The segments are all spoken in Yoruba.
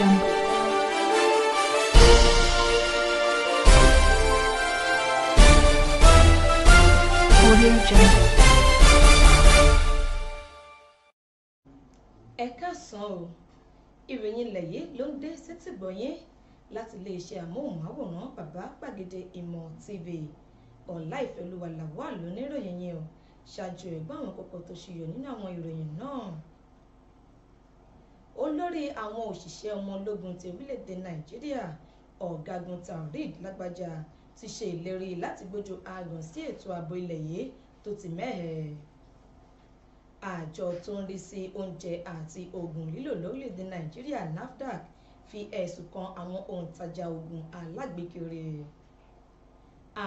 Audio Jungle. Ẹ káàsán o, ìròyìn ilẹ̀ yìí ló ń dé sétí gbọ̀nyìn láti iléeṣẹ́ amóhùnmáwòrán bàbá gbàgede ìmọ̀ TV. Ọláìfẹ́lúwà làwà lóníròyìn yẹn o, ṣáájú ẹ̀gbọ́n àwọn kókó tó ṣe yọ nínú àwọn ìròyìn náà olórí àwọn òṣìṣẹ́ ọmọ ológun ti orílẹ̀-èdè nàìjíríà ọ̀gágun taoreed lágbájá ti ṣe ìlérí láti gbójú ayọ̀ sí ètò ààbò ilẹ̀ yìí tó ti mẹ́hẹ̀. àjọ tó ń rí sí oúnjẹ àti oògùn lílò lórílẹ̀‐èdè nàìjíríà nafdac fi ẹ̀sùn kan àwọn òǹtajà oògùn alágbèékiri.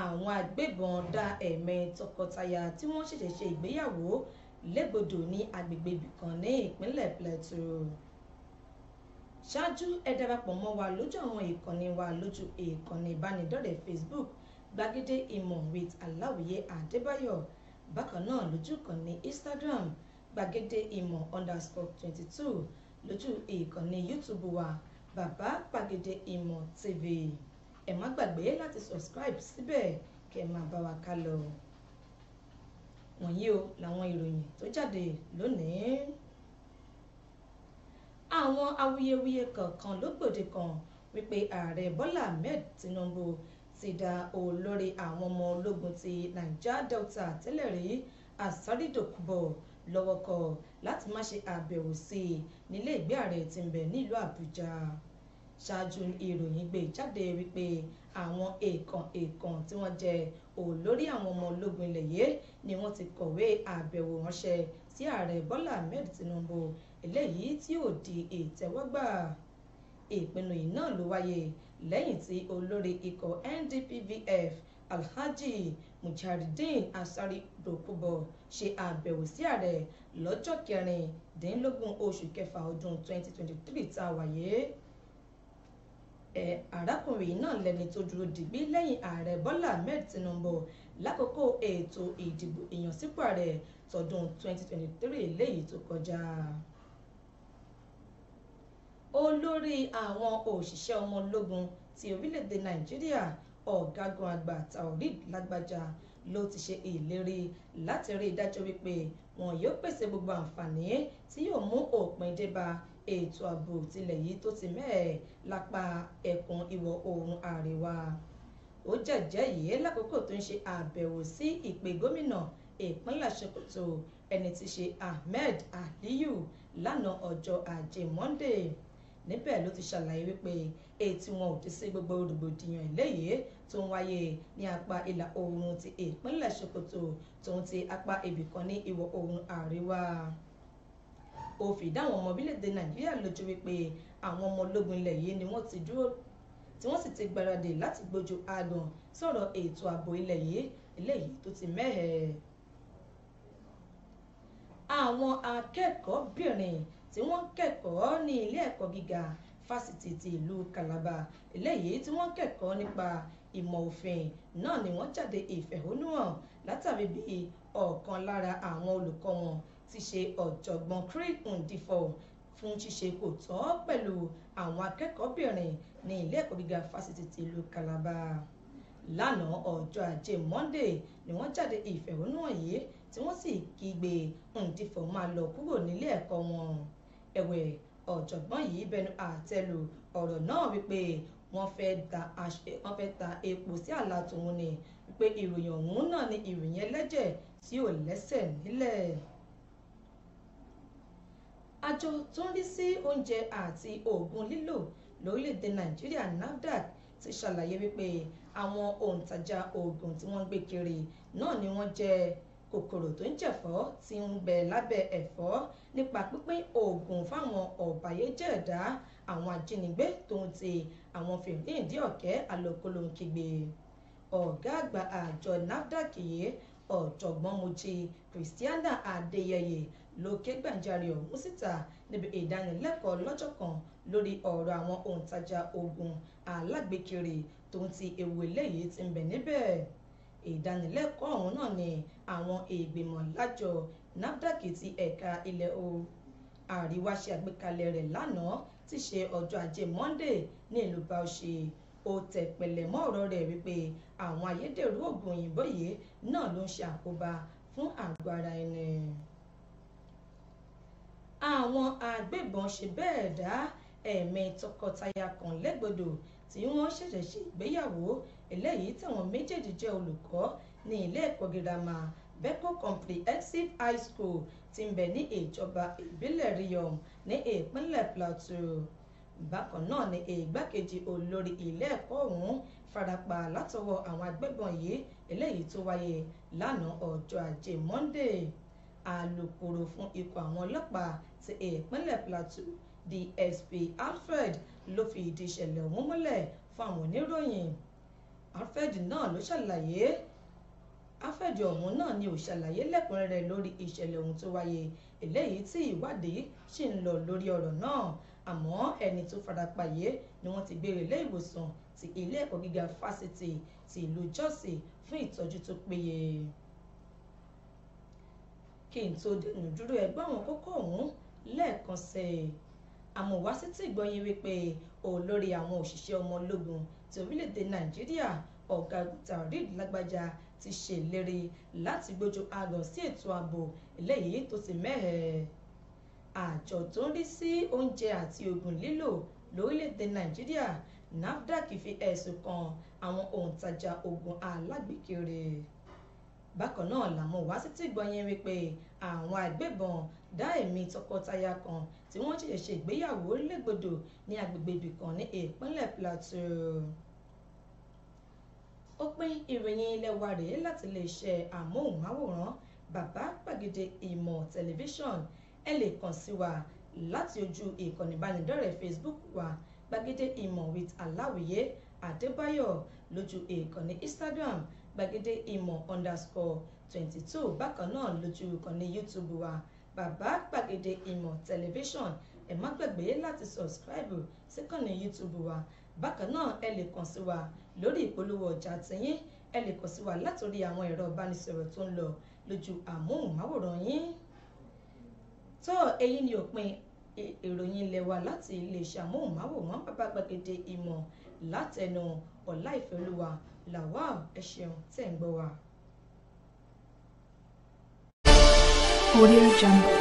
àwọn agbébọn dá ẹ̀mí tọkọtaya tí wọ́n ṣẹ̀ṣẹ̀ ṣe ìgbéyàwó légbodò ní agbègbè ibìkan ní ìpínlẹ̀ plateau ṣáájú ẹ darapọ̀ mọ́ wa lójú àwọn ìkànnì wa lójú ìkànnì ìbánidọ́rẹ̀ẹ́ Facebook gbàgede ìmọ̀ with aláwìyé àdébáyọ̀ bákan náà lójú ìkànnì Instagram gbàgede ìmọ̀ underscore twenty two lójú ìkànnì YouTube wa bàbá gbàgede ìmọ̀ TV ẹ má gbàgbé láti subscribe síbẹ̀ kẹ́ ẹ máa bá wa ká lọ wọ̀nyí o làwọn ìròyìn tó jáde lónìí àwọn awuyewuye kọ̀ọ̀kan ló gbòde kan wípé ààrẹ bọ́lá ahmed tinubu ti da olórí àwọn ọmọ ológun ti niger delta tẹ́lẹ̀ rí asari dokubo lọ́wọ́ kọ láti má ṣe àbẹ̀wò sí i nílé ìgbé ààrẹ tí ń bẹ nílùú àbújá ṣáájú ìròyìn gbé jáde wípé àwọn èèkàn èèkàn tí wọ́n jẹ olórí àwọn ọmọ ológun ilẹ̀ yìí ni wọ́n ti kọ̀wé àbẹ̀wò ránṣẹ́ sí ààrẹ bọ́lá ahmed tinubu eléyìí tí ò di ìtẹ́wọ́gbà ìpinnu yìí náà ló wáyé lẹ́yìn tí olórí ikọ̀ NDPVF Alhaji Mujahideen Ansari Dokubo ṣe àbẹ̀wò sí ààrẹ lọ́jọ́ kẹrìndínlógún oṣù kẹfà ọdún 2023 tá a wáyé ẹ arákùnrin náà lẹni tó dúró digbí lẹ́yìn ààrẹ bọ́lá ahmed tinubu lákòókò ètò ìdìbò ìyànsípò ààrẹ tọdún 2023 léyìí tó kọjá olórí àwọn òṣìṣẹ́ ọmọ ológun ti orílẹ̀-èdè nàìjíríà ọ̀gágun àgbà taoreed lágbájá ló ti ṣe ìlérí láti rí i dájú wípé wọn yóò pèsè gbogbo àǹfààní tí yóò mú òpin dé bá ètò ààbò tilẹ̀ yìí tó ti mẹ́ẹ̀ lápá ẹkùn ìwọ̀ oòrùn àríwá ó jẹ́jẹ́ yìí lákòókò tó ń ṣe àbẹ̀wò sí ìpè gómìnà ìpínlẹ̀ sokoto ẹni tí ṣe ahmed aliyu lánàá ọjọ́ ajé monday níbẹ̀ ló ti ṣàlàyé wípé ètí wọn ò ti sí gbogbo rògbòdìyàn eléyìí tó ń wáyé ní apá ìlà oòrùn ti ìpínlẹ̀ Sokoto tó ń ti apá ibìkan ní ìwọ̀ oòrùn àríwá ó fi dá àwọn ọmọ orílẹ̀-èdè Nàìjíríà lójú wípé àwọn ọmọ ológun ilẹ̀ yìí ni wọ́n ti dúró tí wọ́n sì ti gbáradì láti gbójú àdán sọ̀rọ̀ ètò ààbò ilẹ̀ yìí eléyìí tó ti mẹ́hẹ̀ẹ́ àwọn akẹ́kọ̀ọ́bìnrin tí wọ́n kẹ́kọ̀ọ́ ní ilé ẹ̀kọ́ gíga fásitì ti ìlú Calabar eléyìí tí wọ́n kẹ́kọ̀ọ́ nípa ìmọ̀ òfin náà ni wọ́n jáde ìfẹ̀hónúhàn látàrí bí ọ̀kan lára àwọn olùkọ́ wọn ti ṣe ọ̀jọ̀gbọ́n Craig Ndifo fún ṣíṣe kò tọ́ pẹ̀lú àwọn akẹ́kọ̀ọ́bìnrin ní ilé ẹ̀kọ́ gíga fásitì ti ìlú Calabar lánàá ọjọ́ ajé Monday ni wọ́n jáde ìfẹ̀hónúhàn yìí tí wọ́n sì kígbe Ndifo máa lọ kúrò nílé ẹ̀kọ́ wọn ẹ̀wẹ̀ ọ̀jọ̀gbọ́n yìí bẹnu àtẹ́lù ọ̀rọ̀ náà wípé wọ́n fẹ́ ta epo sí àlà tòun ni wípé ìròyìn ọ̀hún náà ni ìròyìn ẹlẹ́jẹ̀ tí ò lẹ́sẹ̀ nílẹ̀ àjọ tó ń rí sí oúnjẹ àti oògùn lílò lórílẹ̀‐èdè nàìjíríà nafdac ti ṣàlàyé wípé àwọn òǹtajà oògùn tí wọ́n ń gbé kiri náà ni wọ́n jẹ́ kòkòrò tó ń jẹ̀fọ́ ti ń bẹ lábẹ́ ẹ̀fọ́ nípa pínpín oògùn fáwọn ọ̀bàyéjẹ́ ẹ̀dá àwọn ajínigbé tó ń ti àwọn fìdíǹdí ọ̀kẹ́ alókòló ń kígbe ọ̀gá àgbà àjọ NAFDAC yìí ọ̀jọ̀gbọ́n Mojí Christiana Adéyẹyè ló ké gbàjarè ọ̀hún síta níbi ìdánilẹ́kọ̀ọ́ lọ́jọ́ kan lórí ọ̀rọ̀ àwọn òǹtajà oògùn alágbèékiri tó ń ti ewu eléyìí ti ń bẹ níbẹ̀ ìdánilẹ́kọ̀ọ́ ọ̀hún náà ni àwọn ìgbìmọ̀ lájọ NAFDAC ti ẹ̀ka ilẹ̀ o àríwá ṣe àgbékalẹ̀ rẹ̀ lánàá tí ṣe ọjọ́ ajé monde ní ìlú Bauchi ó tẹ̀ pẹ̀lẹ́ mọ́ ọ̀rọ̀ rẹ̀ wípé àwọn ayédèrú oògùn òyìnbó yìí náà ló ń ṣe àkóbá fún àgọ́ ara ẹni. àwọn agbébọn ṣe bẹ́ẹ̀ dá ẹ̀mí tọkọtaya kan légbodò tí wọ́n ṣẹ̀ṣẹ̀ ṣe ìgbéyàwó eléyìí táwọn méjèèjì jẹ́ olùkọ́ ní ilé ẹ̀kọ́ girama beco Comprehensive High School tí ń bẹ ní ìjọba ìbílẹ̀ Riyom ní ìpínlẹ̀ Plateau bákan náà ni ìgbákejì olórí ilé ẹ̀kọ́ ọ̀hún farapa látọwọ́ àwọn agbébọn yìí eléyìí tó wáyé lánàá ọjọ́ ajé Monday alukoro fún ikọ̀ àwọn ọlọ́pàá ti ìpínlẹ̀ Plateau The SP Alfred ló fi ìdí ìṣẹ̀lẹ̀ ọ̀hún múlẹ̀ fáwọn oníròyìn Alfred náà ló ṣàlàyé Alfred ọ̀hún náà ni ò ṣàlàyé lẹ́kùnrẹ́rẹ́ lórí ìṣẹ̀lẹ̀ ọ̀hún tó wáyé eléyìí tí ìwádìí ṣì ń lọ lórí ọ̀rọ̀ náà àmọ́ ẹni tó farapa yé ni wọ́n ti gbére ilé ìwòsàn ti ilé ẹ̀kọ́ gíga fásitì ti ìlú jọ́sì fún ìtọ́jú tó péye kí n tó dẹnu dúró ẹgbẹ́ àwọn kókó ọ̀hún lẹ́ẹ̀kan sẹ́yìn àmọ́ wá sí tí ìgbọ́yìn wípé olórí àwọn òṣìṣẹ́ ọmọ ológun ti orílẹ̀-èdè nàìjíríà ọ̀gágun taoreed lágbájá ti ṣèlérí láti gbójú agàn sí ètò ààbò eléyìí tó ti mẹ́hẹ̀ẹ́ àjọ tó ń rí sí oúnjẹ àti oògùn lílò lórílẹ̀-èdè nàìjíríà nafdac fi ẹ̀sùn kan àwọn òǹtajà oògùn alágbèékiri bákan náà làwọn wá sí ti gbọ̀nyìn wípé àwọn agbébọn dá ẹ̀mí tọkọtaya kan tí wọ́n ṣẹ̀ṣẹ̀ ṣe ìgbéyàwó légbodò ní agbègbè ibìkan ní ìpínlẹ̀ Plateau ó pín ìròyìn ilé wa rèé láti lè ṣe àmóhùnmáwòrán bàbá gbàgede ìmọ̀ tẹlifíṣọ̀n ẹ lè kàn sí wa láti ojú ìkànnì ìbánidọ́rẹ̀ẹ́ Facebook wa gbàgede ìmọ̀ with aláwìyé Adébáyọ̀ lójú ìkànnì Instagram gbàgede ìmọ̀ underscore twenty two bákan náà lójú ìkànnì YouTube wa bàbá gbàgede ìmọ̀ tẹlifíṣọ̀n ẹ má gbàgbé láti sọ̀sìkírábù síkànnì YouTube wa bákan náà ẹ lè kàn sí wa lórí ìpolówó ọjà tiyín ẹ lè kàn sí wa látòrí àwọn ẹ̀rọ ìbánisọ̀rọ̀ tó ń lọ lójú àmóhùnmáwòrán yín tó èyí ni òpin ìròyìn ilé wa láti iléeṣẹ́ àmóhùnmáwòrán bàbá gbàgede ìmọ̀ látẹnu ọláìfẹ́olúwa lawal ẹ ṣeun tẹ̀ ń gbọ́ wa. Audio Jungle.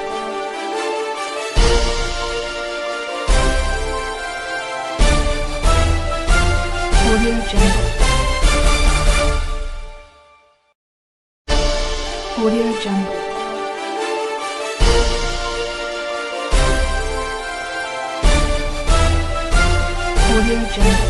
Audio Jungle.